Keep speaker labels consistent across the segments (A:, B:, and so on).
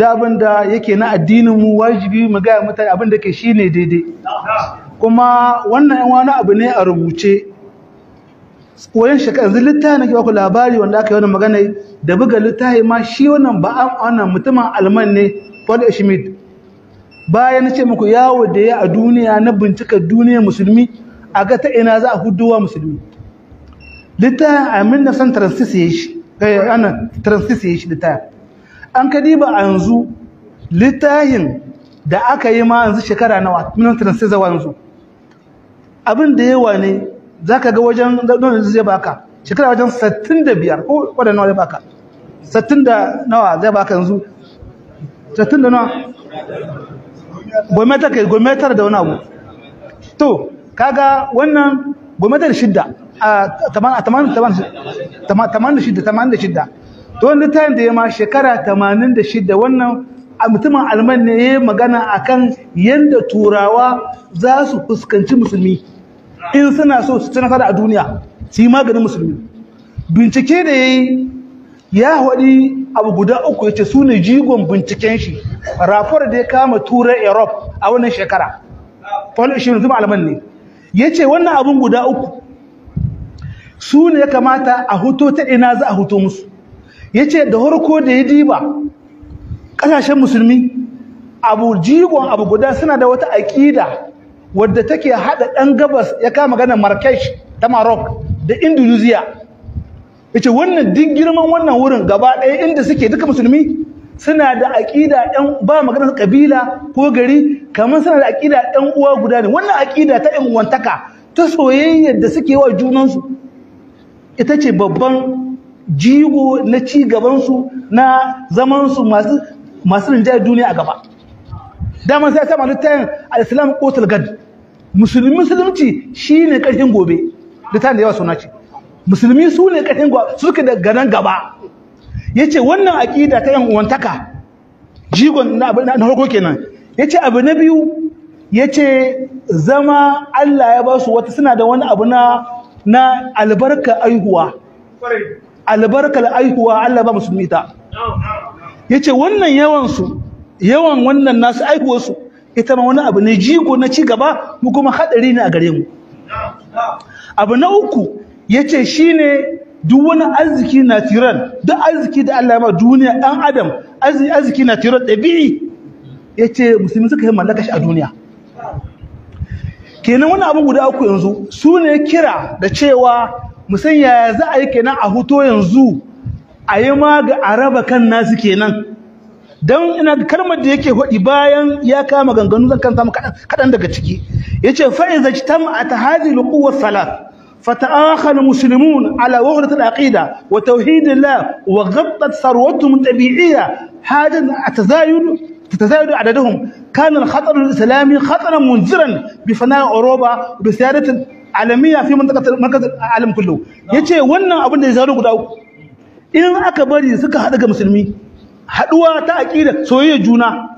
A: da abin da yake na addinin mu wajibi mu gaya mutane abin da ke shi ne daidai kuma wannan 'yan wani abu ne a rubuce koyon shaka yanzu littafi na kiwa ku labari wanda aka yi wani magana da buga littafi ma shi wannan ba an wannan mutumin alman ne paul schmidt bayan ce muku yawo da ya a duniya na bincika duniya musulmi a ga ta ina za a huduwa musulmi littafin amin na san Transition, ya shi eh, anan transisi ya shi littafi an ka diba yanzu littahin da aka yi ma yanzu shekara na nawa minan sai zawa yanzu abin da yawa ne za ka ga wajen don zai baka shekara wajen 65 ko wadda nawa zai baka 60 nawa zai baka yanzu 60 da nawa gometar kai gometar da wani abu to kaga wannan gometar shidda a 86 86 don littafin da ya ma shekara shida, wannan mutumin alman ne ya magana akan yadda turawa za su fuskanci musulmi in suna so su ci nasara a duniya su yi maganin musulmi bincike da ya yi ya haɗi abu guda uku ya ce su ne jigon binciken shi rafar da ya kama turar europe a wannan shekara paul ishirin mutumin alman ne ya ce wannan abun guda uku su ne ya kamata a huto ta ina za a huto musu ya ce da harko da ya diba ƙasashen musulmi abu jigon abu guda suna da wata aƙida wadda take haɗa ɗan gabas ya kama ganin marrakesh ta maroc da indonesia ya ce wannan duk girman wannan wurin gaba ɗaya inda suke duka musulmi suna da aƙida ɗan ba maganar ƙabila ko gari kamar suna da aƙida ɗan uwa guda ne wannan aƙida ta ƴan uwantaka ta soyayyar da suke wa junansu ita ce babban jigo na ci gabansu na zamansu masu masu rinjayar duniya a gaba daman sai sama littafin al-islam qatil gad musulmi musulunci shine karfin gobe da littafin da yawa suna ce musulmi su ne karfin gobe suke da ganan gaba yace wannan aqida ta yan uwantaka jigon na na hoko kenan yace abu na biyu yace zama Allah ya ba su wata suna da wani abu na na albarka aihuwa albarkar aihuwa Allah ba musulmi ta yace wannan yawan su yawan wannan nasu aihuwar su ita ma wani abu ne jigo na ci gaba mu kuma hadari ne a gare mu abu na uku yace shine duk wani arziki na tiran duk arziki da Allah ya ma duniya dan adam arziki na tiran Ya yace musulmi suka yi mallaka shi a duniya kenan wani abu guda uku yanzu su ne kira da cewa musan ya za a yi kenan a huto yanzu a yi ma ga araba kan nasu kenan dan ina kalmar da yake hodi bayan ya kama ganganu zan kan samu kadan daga ciki yace fa iza jitam at a ta salat فتآخر المسلمون على وغرة العقيدة وتوحيد الله وغطت ثروتهم الطبيعية حاجة تزايد تتزايد عددهم كان الخطر الإسلامي خطرا منذرا بفناء أوروبا وبسيادة alamiya fi mantakar kullu yace wannan abin da ya zaro guda uku in aka bari suka haɗu ga musulmi haɗuwa ta aqida soyayya juna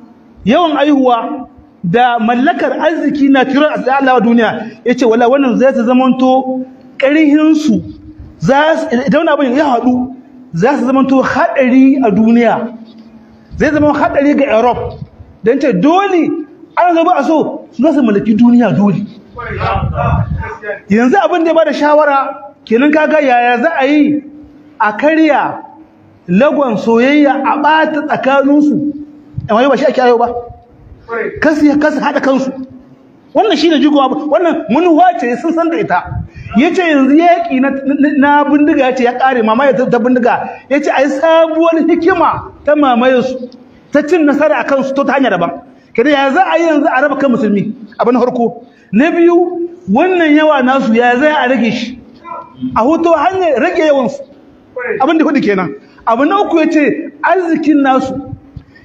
A: yawan aihuwa da mallakar arziki na tirar a Allah duniya yace wala wannan zai ta zamanto karihin su za idan abin ya haɗu za su zamanto haɗari a duniya zai zama haɗari ga Europe dan ce dole an zo ba a so su za su mallaki duniya dole yanzu abin da ya bada shawara kenan kaga yaya za a yi a karya lagon soyayya a ɓata tsakaninsu a yau ba shi ake ayo ba kasu kasu haɗa kansu wannan shi ne jigowa ba wannan mun wace sun san da ita ya ce yanzu ya yaƙi na bindiga ya ce ya ƙare mamaye ta bindiga ya ce a yi sabuwar hikima ta mamayensu ta cin nasara a kansu ta hanyar daban kada ya za a yi yanzu a raba kan musulmi abin harko na biyu wannan yawa nasu ya zai a rage shi a hoto hanyar rage yawansu abin da hudu kenan abu na uku ya ce arzikin nasu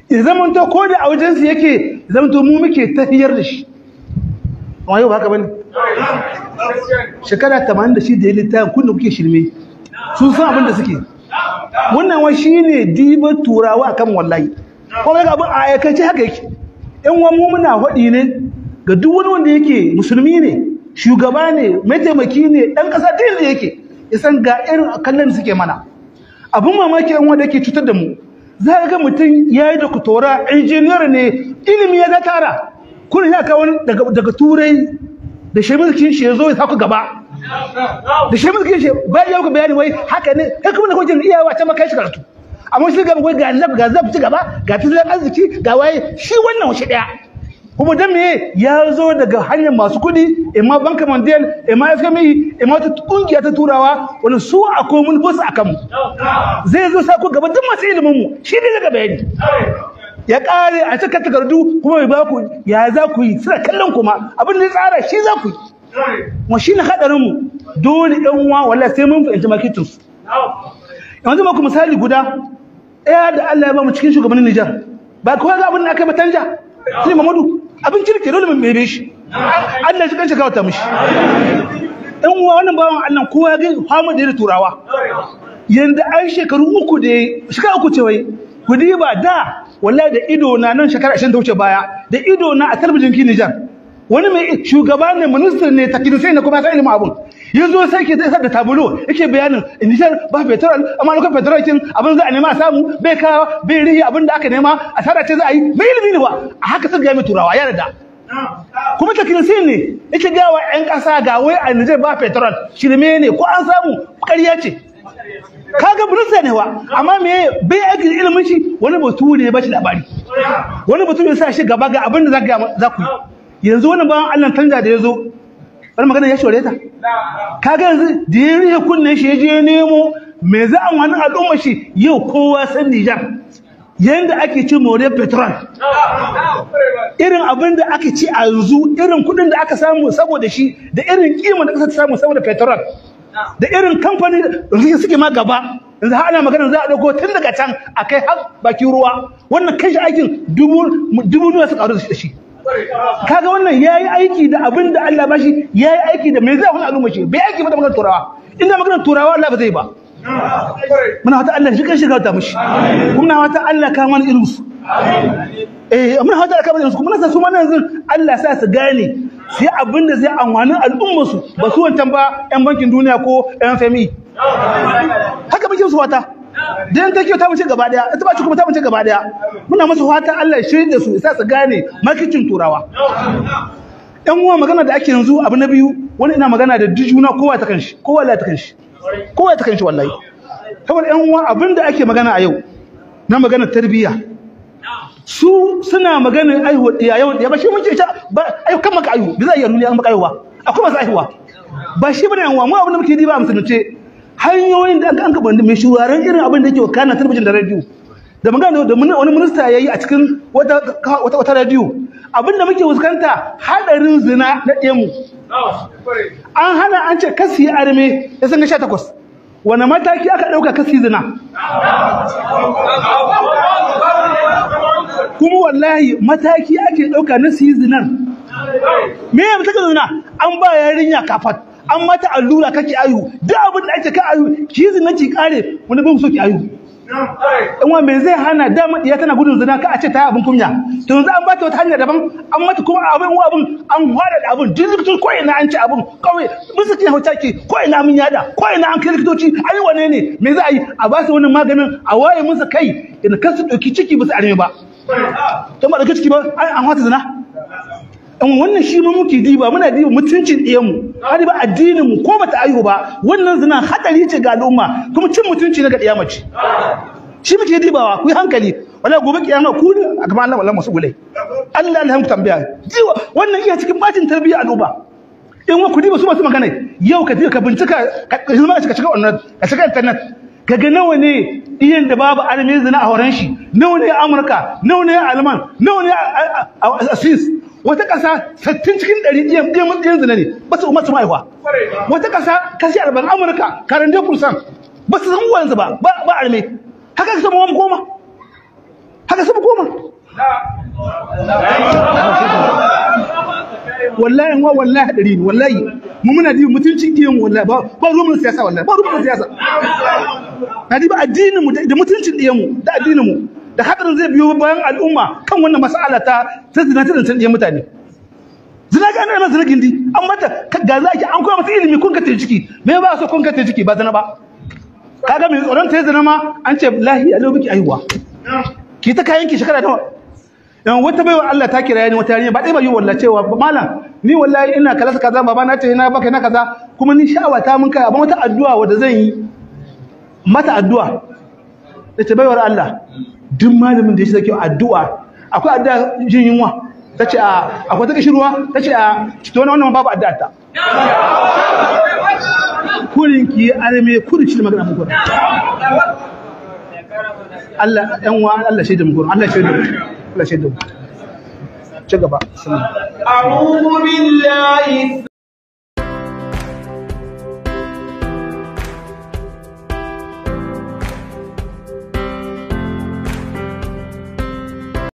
A: ya zamanto ko da a wajensu yake zamanto mu muke tafiyar da shi amma yau ba haka bane shekara 86 da ya littafin kun kuke shirme sun san abin da suke wannan wa shi ne diba turawa akan wallahi kuma ga abin a aikace haka yake Yan wa mu muna hudi ne ga duk wani wanda yake musulmi ne shugaba ne mataimaki ne ɗan ƙasa ta yadda yake ya san ga irin kallon suke mana abin mamaki yan wanda yake cutar da mu za ka ga mutum ya yi da kutora injiniyar ne ilimi ya ga tara kuna ya wani daga turai da shemilkin shi ya zo ya sa ku gaba da shemilkin shi ba ya ku bayani wai haka ne kai kuma da kuke jin iyawa can makai shi karatu amma shi ga ga zab ga zab ci gaba ga tilan arziki ga waye shi wannan shi daya kuma don me ya zo daga hanyar masu kuɗi imma banka mandel imma fmi e, imma ta kungiya ta turawa wani su a mun bus a kanmu zai zo sa ku gaba duk masu ilimin mu shi ne daga bayani ya kare a cikin takardu kuma mai ba ku ya za ku yi suna kallon kuma abin da ya tsara shi za ku yi kuma shi ne haɗarin mu dole ɗan uwa wallahi sai mun fahimci makitin su yanzu ku misali guda ɗaya da Allah ya ba mu cikin shugabannin Nijar ba kowa ga abin da aka yi ba sai Mamadu abin kirki dole mun bebe shi Allah ya kanta kawata mishi dan uwa wannan bawan Allah kowa ya ga fama da turawa yanda ai shekaru uku da shekara uku ce wai ku ba da wallahi da ido na nan shekara 20 ta wuce baya da ido na a talbijin kinijan, wani mai shugaba ne minister ne ta sai na kuma ka ilimin abun yanzu sai zai sa da tabulo yake bayanin inishar ba petrol amma lokacin petrol kin abin za a nema a samu bai kawo bai rihi abin da aka nema a asara ce za a yi bai ilimi ne ba a haka sun ga mai turawa ya da kuma takilisi ne yake ga wa ƴan ƙasa ga wai a Nijar ba petrol shirme ne ko an samu ƙarya ce kaga burusa ne wa amma me bai aiki ilimin shi wani ne ya bashi labari wani bature ya sa shi gaba ga abin da za ku yi yanzu wani bayan Allah tanja da ya zo bar magana ya shore ta kaga yanzu da ya rihe kunne shi ya je nemo me za a wani al'umma shi yau kowa san Nijar yanda ake ci more petrol irin abin da aka ci a yanzu irin kuɗin da aka samu saboda shi da irin kima da ƙasa ta samu saboda petrol da irin kamfani da suke ma gaba yanzu har ana magana za a ɗauko tun daga can a kai har bakin ruwa wannan kai shi aikin dubu dubu ne su ƙaru da shi kaga wannan yayi aiki da abin da Allah bashi yayi aiki da me zai wani al'umma shi bai aiki ba da maganar turawa inda maganar turawa Allah ba zai ba muna fata Allah shi kan shiga ta mushi muna fata Allah ka mana irin su eh muna fata Allah ka mana irin su kuma san su mana yanzu Allah sa su gane sai abin da zai amfani al'umma su ba su wancan ba yan bankin duniya ko yan fami e. haka muke su wata dan take ta wuce gaba daya ita ba ci kuma ta wuce gaba daya muna musu fatan Allah ya shirye da su isa su gane makicin turawa yan uwa magana da ake yanzu abu na biyu wani ina magana da dijuna kowa ta kanshi kowa la ta kanshi kowa ta kanshi wallahi kamar yan uwa abin da ake magana a yau na magana tarbiyya su suna magana aihuwa ya yau ya ba shi muke ita ba aihu kan maka aihu bi za a yi nuni an maka aihuwa akwai masu aihuwa ba shi bane yan uwa mu abin da muke yi ba a musulunce hanyoyin da an kaɓa mai shuraren irin abin da ke wakana talabijin da radio da magana da wani minista ya yi a cikin wata radio abin da muke wuskanta haɗarin zina na ɗemu an hana an ce kasi ya arme ya san sha takwas wani mataki aka ɗauka kasi zina kuma wallahi mataki ake ɗauka na siyi zinar me ya mataki zina an ba yarinya kafat an mata allura kake ayu duk abin da ake ka ayu ki zina ki kare wani bin so ki ayu in wa me zai hana dama diya tana gudun zina ka a ce ta abin kunya to yanzu an bata wata hanya daban an mata kuma abin wa abin an hwada da abin duk tun ko ina an ci abin kawai musu kin hauta ki ko ina mun yada ko ina an kai likitoci ayi wane ne me za yi a ba su wani maganin a waye musu kai kan su dauki ciki ba su arme ba to ma dauki ciki ba an hwata zina in wannan shi ma muke diba muna diba mutuncin ɗiyanmu har ba addininmu ko bata aihu ba wannan zina hatsari ce ga al'umma kuma cin mutunci na ga ɗiya mace shi muke dibawa ku yi hankali wala gobe kiyama ku a gaban Allah wallahi masu gulai Allah Allah ku tambaya diwa wannan iya cikin bacin tarbiyya al'umma in wa ku diba su masu magana yau ka je ka bincika ka zama ka shiga wannan ka shiga internet kaga nawa ne iyan da babu alamin zina a horon shi nawa ne Amurka nawa ne Alman nawa ne a Swiss wata ƙasa sattin cikin 100 ɗaya mun ɗaya zina ne ba su umar su ma'aikwa wata ƙasa kashi 40 amurka karin dai kursan ba su san uwansu ba ba arme haka su mu koma haka su mu koma wallahi wa wallahi hadari ne wallahi mu muna ji mutuncin giyan wallahi ba ruwan siyasa wallahi ba ruwan siyasa na ba addinin mu da mutuncin diyan mu da addinin mu da hadarin zai biyo bayan al'umma kan wannan mas'ala ta ta zina ta zancen diyan mutane zina ga ana zina gindi an mata ga za ki an koya masa ilimi kun ka ta ciki me ba so kun ka ta ciki ba zina ba kaga me tsoron ta zina ma an ce lahi lau biki aiwa ki ta kayan ki shekara ta yan wata baiwa Allah ta kira ni wata yarinya ba dai ba yi wallacewa cewa malam ni wallahi ina kalasa kaza baba na ce na baka na kaza kuma ni sha'awa ta mun kai ba wata addu'a wanda zan yi mata addu'a da ta baiwar Allah duk malamin da ya ce addu'a akwai addu'a jin yunwa ta ce a akwai ta kashi ruwa ta ce a cito wani wannan babu addu'a ta kurin ki arme kurin shi magana muku Allah ɗan wa Allah shaida muku Allah shaida Allah shaida ci gaba a'udhu billahi